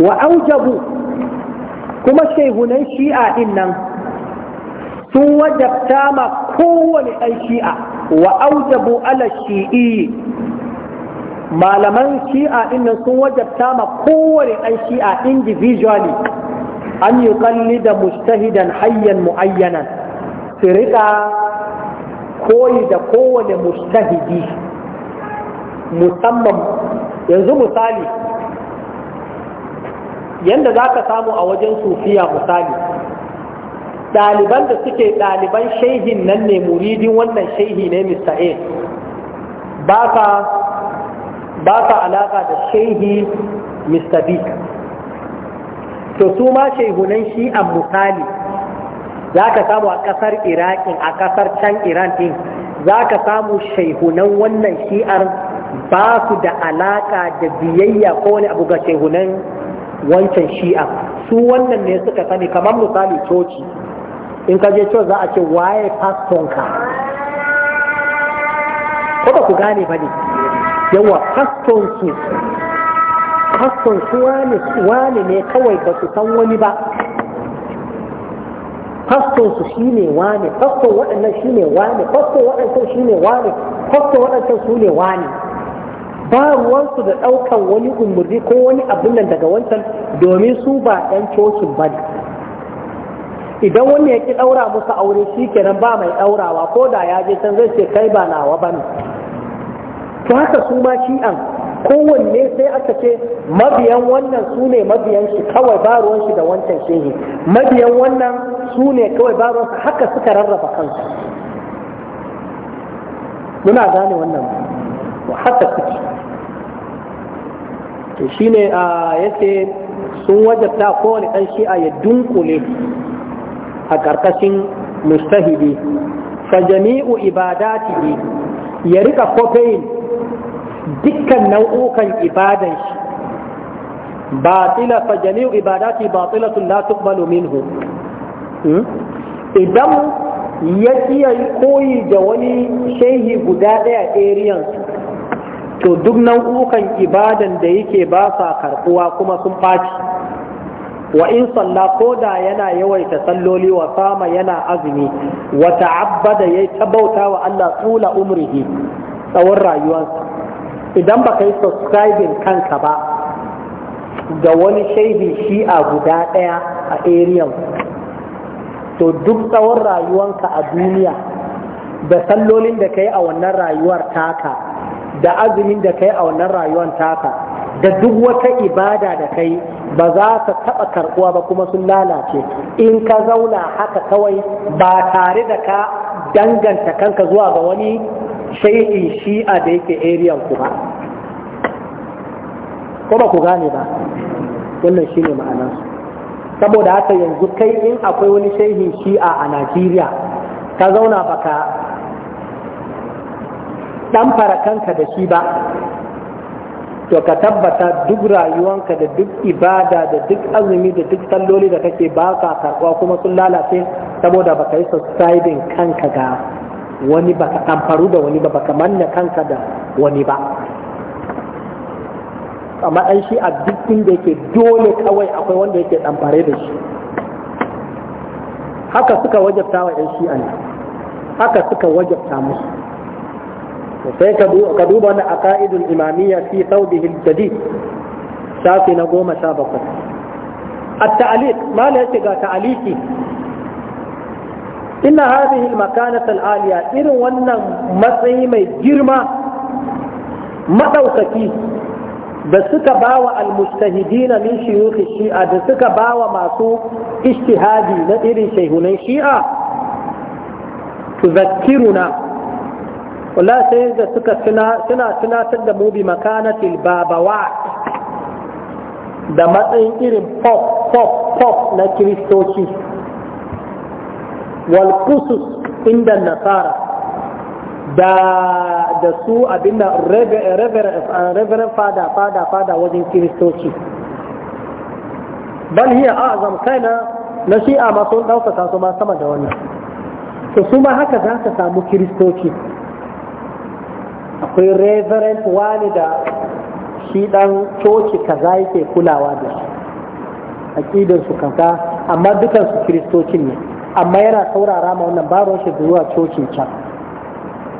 wa aujabu kuma shehunan shi'a din nan sun wajabta ma kowane ɗan shi'a wa aujabu ala shi'i malaman shi'a dinnan sun wajabta ma kowane ɗan shi'a individually an yi kalli da mustahidan hayyan mu'ayyanan su riƙa koyi da kowane mustahidi musamman yanzu misali yadda za ka samu a wajen sufiya misali ɗaliban da suke ɗaliban shehin nan ne muridin wannan shehi ne Mr. A ba ka alaƙa da shehi Mr. B to su ma shehunan shi a misali za ka samu a ƙasar Iraƙin a ƙasar can Iran ɗin za ka samu shehunan wannan shi'ar ba su da alaƙa da biyayya ko wani abu ga shehunan wancan shi'a su wannan ne suka sani kamar misali coci in ka je cewa za a ce waye fastonka ko ba ku gane ba ne yawa faston su wane ne kawai ba su san wani ba Faston su shi ne wane faston waɗannan shi ne wane faston waɗancan shi ne wane faston waɗancan su ne wane ba ruwansu da ɗaukan wani umurni ko wani abin nan daga wancan domin su ba ɗan cocin ba ne idan wani ya ki ɗaura musu aure shi kenan ba mai ɗaurawa ko da ya je can zai ce kai ba nawa ba ne to haka su ma shi'an kowanne sai aka ce mabiyan wannan su ne mabiyan shi kawai ba ruwan shi da wancan shehi mabiyan wannan su ne kawai ba ruwan haka suka rarraba kansu muna gane wannan haka suke to ne a ah, yace sun wajabta kowane ɗan shi'a ya dunkule a ƙarƙashin mustahidi fa jami'u ibadatihi ya rika kofayin dukkan nau'ukan ibadan shi batila fa jami'u ibadati batilatun la tuqbalu minhu hmm? idan ya iya koyi da wani shehi guda ɗaya ariyan to duk nau'ukan ibadan da yake ba sa karɓuwa kuma sun ɓaci wa in salla ko da yana yawaita salloli wa sama yana azumi wa ta'abbada yayi tabauta wa Allah tsula umrihi tsawon rayuwarsa idan baka yi subscribing kanka ba ga wani shaidi shi'a guda ɗaya a area to duk tsawon rayuwanka a duniya da sallolin da kai a wannan rayuwar taka da azumin da kai a wannan rayuwar taka da duk wata ibada da kai ba za ka taɓa karɓuwa ba kuma sun lalace in ka zauna haka kawai ba tare da ka danganta kanka zuwa ga wani shai'in shi'a da yake ariyan ku ba ko ba ku gane ba wannan shi ne ma'anarsu saboda haka yanzu kai in akwai wani shaihin shi'a a najeriya ka zauna baka ɗan fara kanka da shi ba to ka tabbata duk rayuwanka da duk ibada da duk azumi da duk salloli da kake ba ka karɓa kuma sun lalace saboda baka yi subscribing kanka ga wani baka amfaru da wani ba baka manna kanka da wani ba amma ɗan shi a duk inda yake dole kawai akwai wanda yake ɗamfare da shi haka suka wajabta wa ɗan shi'an haka suka wajabta musu sai ka duba wani a ka'idul imamiyya fi saudihi jadid shafi na goma sha bakwai a ta'aliq mala yace ga ta'aliki inna hadhihi al-makanat al-aliya irin wannan matsayi mai girma madaukaki da suka bawa al-mustahidina min shuyukh shi'a da suka bawa masu ijtihadi na irin shehunan shi'a tuzakkiruna wala sai da suka suna tunatar da mu bi makanatil babawa da matsayin irin pop pop pop na kiristoci wal kusus inda nasara da da su abin da reverend fada fada fada wajen kiristoci bal hiya azam kaina na shi'a ma sun ɗaukaka su ma sama da wani. su ma haka za ka samu kiristoci akwai reverend wani da shi dan coci kaza yake kulawa da shi aƙidarsu kaza amma dukansu kiristocin ne amma yana saurara ma wannan babu shi zuwa cocin can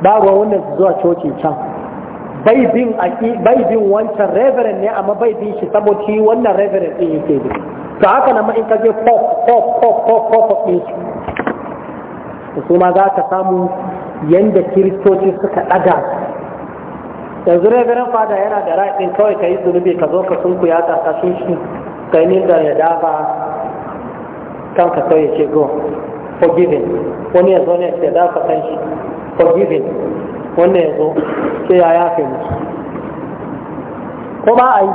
babu wannan su zuwa cocin can bai bin bai bin wancan reverend ne amma bai bin shi saboda shi wannan reverend din yake bi to haka nan ma in ka je pop pop pop pop pop din su su ma za ka samu yanda kiristoci suka daga yanzu garin fada yana da raɗin kawai ka yi zunubi ka zo ka sunku ya ta kashin shi ka yi nindar ya dafa kanka kawai ya ce go forgiving wani ya zo ne ya dafa kan shi forgiving wani ya zo sai ya yafe musu ko ba a yi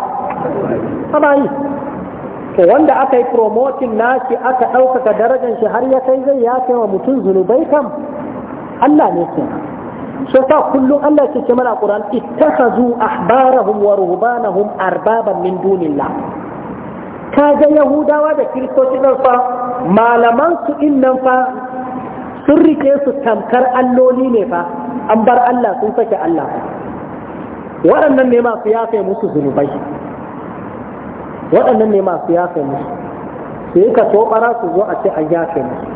ba ba yi to wanda aka yi promoting nashi aka ɗaukaka darajar shi har ya kai zai kai wa mutum zunubai kam Allah ne kenan so sa kullum Allah ke ce mana Qur'an ittakhazu ahbarahum wa ruhbanahum arbaban min dunillah kaga Yahudawa da Kiristoci nan fa malaman su innan fa sun rike su tamkar alloli ne fa an bar Allah sun sake Allah waɗannan ne masu yafe musu zunubai waɗannan ne masu yafe musu su yi ka tobara su zo a ce an ya yafe musu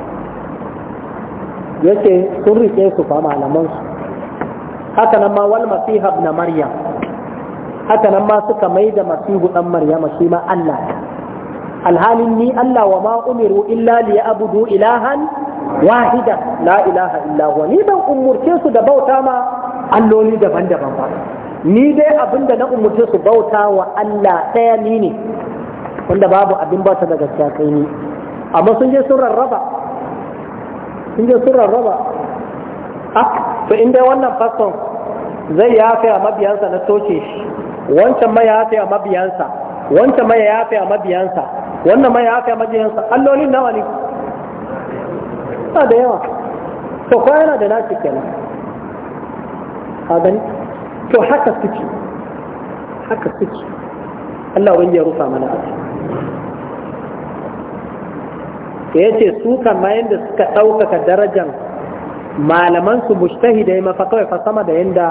yake sun rike su fa malaman su haka nan ma wal masiha ibn maryam haka nan ma suka mai da masihu dan maryama shi ma Allah alhalin ni Allah wa ma umiru illa li abudu ilahan wahida la ilaha illa huwa ni ban umurce su da bauta ma alloli daban-daban ba ni dai abinda na umurce su bauta wa Allah ɗaya ni ne wanda babu abin bauta da gaskiya kai ni amma sun je sun rarraba sun je sun rarraba to in dai wannan faston zai yafe a mabiyansa na toce shi wancan mai ya yafe a mabiyansa wancan mai ya yafe a mabiyansa wannan mai ya yafe a mabiyansa allolin nawa ne ba da yawa to ko yana da nashi kenan a gani to haka suke haka suke Allah wani ya rufa mana ake ya ce su mayan yadda suka ɗaukaka darajar malaman su mujtahidai ma yamma kawai fa sama da yanda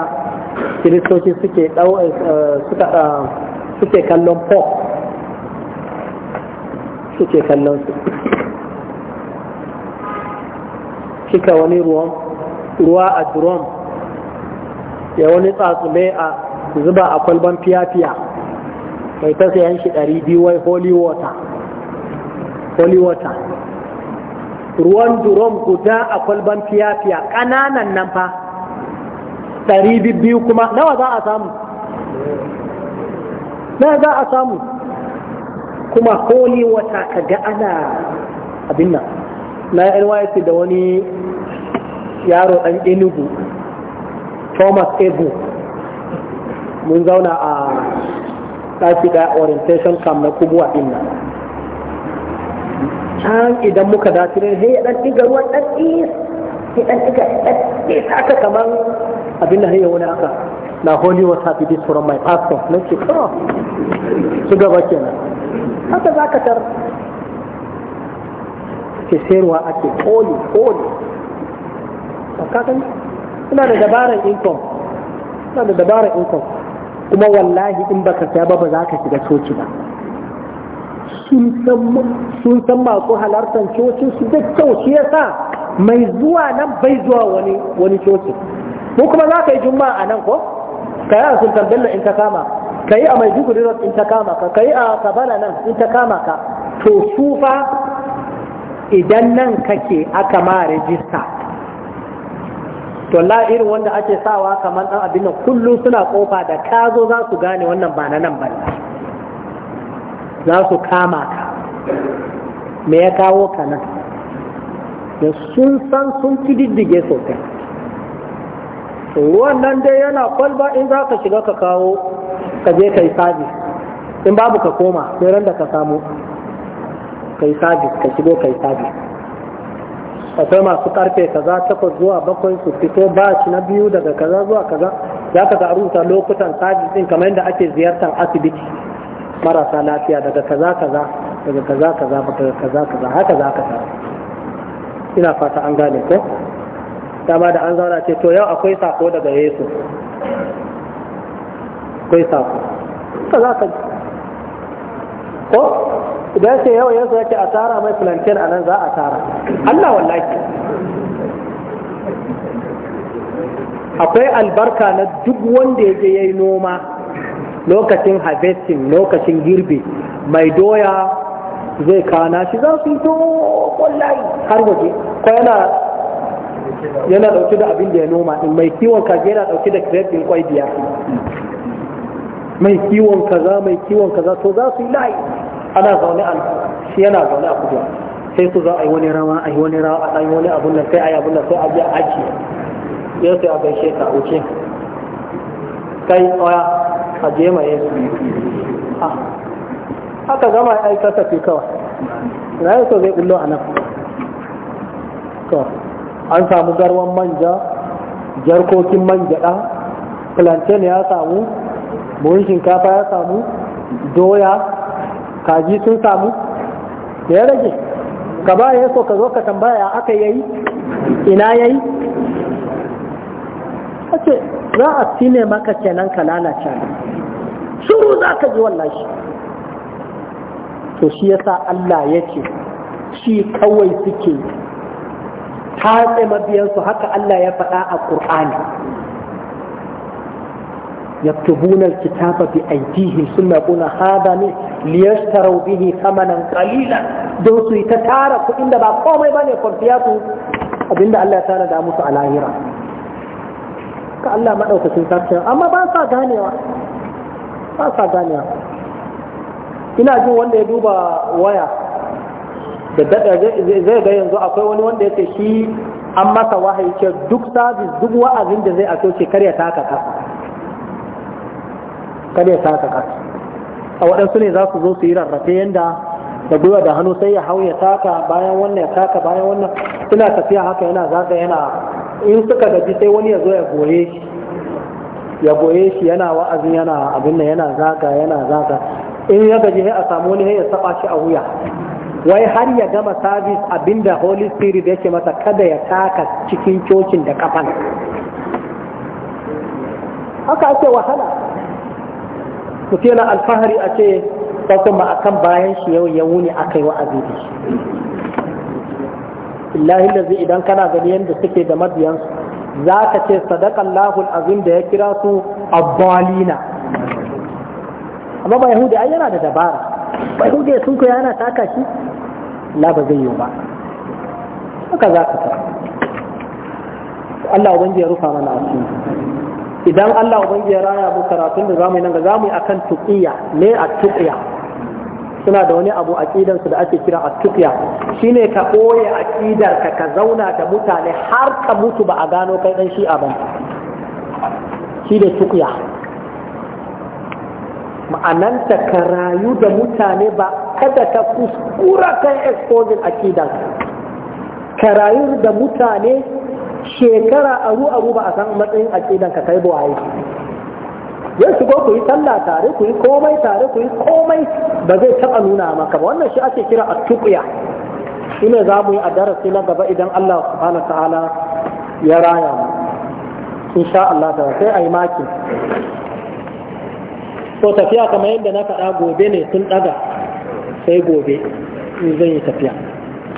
kiristoci suke dau eh, suka eh, suke kallon pop suke kallon su kika wani ruwa a drum ya wani tsatsume a zuba a kwalban fiya-fiya mai ta sayan shi 200 wai holy water holy water ruwan durom guda a kwalban fiya-fiya ƙananan nan fa ɗari biyu kuma nawa za a samu nawa za a samu kuma holi wata ka ga ana abin nan na nysc da wani yaro ɗan inugu thomas ebu mun zauna a ɗaki da orientation camp na kubuwa ɗin nan can idan muka dace ne sai ya dan diga ruwan dan ɗi sai dan diga dan is haka kaman abin da ya wani aka na holy was happy this from my pastor na ce kawo su gaba kenan haka za ka tar ke sayarwa ake koli koli kakan ina da dabarar income ina da dabarar income kuma wallahi in baka saya ba ba za ka shiga coci ba sun san masu halartar cocin su da kyau shi yasa mai zuwa nan bai zuwa wani wani cocin ko kuma za ka yi juma'a a nan ko ka yi a sultan bello in ta kama ka yi a mai juguri in ta kama ka ka yi a kabala nan in ta kama ka to su fa idan nan kake aka ma rajista to irin wanda ake sawa kamar dan abin nan kullum suna kofa da kazo za su gane wannan ba na nan ba za su kama ka me ya kawo ka nan da sun san sun ci diddige sosai wannan dai yana kwalba in za ka shiga ka kawo ka je ka yi sabis in babu ka koma sai ran da ka samu ka yi sabis ka shigo ka yi sabis akwai masu karfe kaza takwas zuwa bakwai su fito ba shi na biyu daga kaza zuwa kaza za ka ga a rubuta lokutan sabis din kamar yadda ake ziyartar asibiti marasa lafiya daga kaza kaza daga kaza kaza daga kaza kaza haka za ka tara ina fata an gane ko dama da an zauna ce to yau akwai sako daga yesu akwai sako ka za ka ko idan ce yau yesu yake a tara mai filantin a nan za a tara allah wallahi akwai albarka na duk wanda ya je ya yi noma lokacin harvesting lokacin girbi mai doya zai kana shi za su yi dogon layi har waje ko yana yana dauke da abin da ya noma in mai kiwon kaza yana dauke da crate kwai biya mai kiwon kaza mai kiwon kaza to za su yi layi ana zaune a shi yana zaune a kudu sai su za a yi wani rawa a yi wani rawa a ɗan wani abun nan sai a yi abun nan sai a biya a ajiye yau sai a gaishe ka ce? kai oya a je maye haka gama aikata fi kawai na so zai ɓullo a nan an samu garwan manja jarkokin manja ɗan plantain ya samu buhun shinkafa ya samu doya kaji sun samu ya rage ka ba ya so ka zo ka tambaya aka yayi ina yayi kace za a cine maka kenan ka lalace shuru za ka ji wallahi to shi yasa Allah yake shi kawai suke tatse mabiyansu haka Allah ya faɗa a Qur'ani يكتبون الكتاب بأيديهم ثم يقولون هذا ليشتروا به ثمنا قليلا دون سيتتارك إن با قوم يبان يكون فياتو أبين الله تعالى داموس على هيران ka Allah maɗaukacin sarki amma ba sa ganewa ba sa ganewa ina jin wanda ya duba waya da daɗa zai ga yanzu akwai wani wanda ya ce shi an masa wahayi ce duk sabis duk wa'azin da zai a ce karya taka kasa karya taka kasa a waɗansu ne za su zo su yi rarrafe yanda da gwiwa da hannu sai ya hau ya taka bayan wannan ya taka bayan wannan suna tafiya haka yana zaga yana in suka gaji sai wani ya zo ya goye shi ya goye shi yana wa'azi yana abin da yana zaga yana zaga in ya gaji sai a samu wani ya saba shi a wuya wai har ya gama sabis da holy spirit yake masa kada ya taka cikin cocin da kafan haka ake wahala mutum yana alfahari a ce sai kuma akan bayan shi yau ya wuni yi wa'azi da shi billahi lazi idan kana gani yadda suke da mabiyansu za ka ce lahul azim da ya kira su abbalina amma ba yahudi ai yana da dabara ba yahudi sun ko yana taka shi la ba zai yi ba haka za ka ta Allah ubangiji ya rufa mana asiri idan Allah ubangiji ya raya mu karatun da zamu yi nan ga zamu yi akan tuqiya ne a tuqiya suna da wani abu a aqidansu da ake kira a shi ne ka boye aqidar ka ka zauna da mutane har ka mutu ba a gano kai shi a ba shi da tukiya ma'ananta ka rayu da mutane ba kada ka kuskura kai a aqidan ka rayu da mutane shekara aru aru ba a san matsayin aqidan ka kai buwaye zai shigo ku yi sallah tare ku yi komai tare ku yi komai ba zai taɓa nuna maka ba wannan shi ake kira a tukuya ina za mu yi a darasi na gaba idan Allah subhanahu ta'ala ya raya mu insha Allah ta sai a yi maki to tafiya kamar yadda na faɗa gobe ne sun ɗaga sai gobe in zan yi tafiya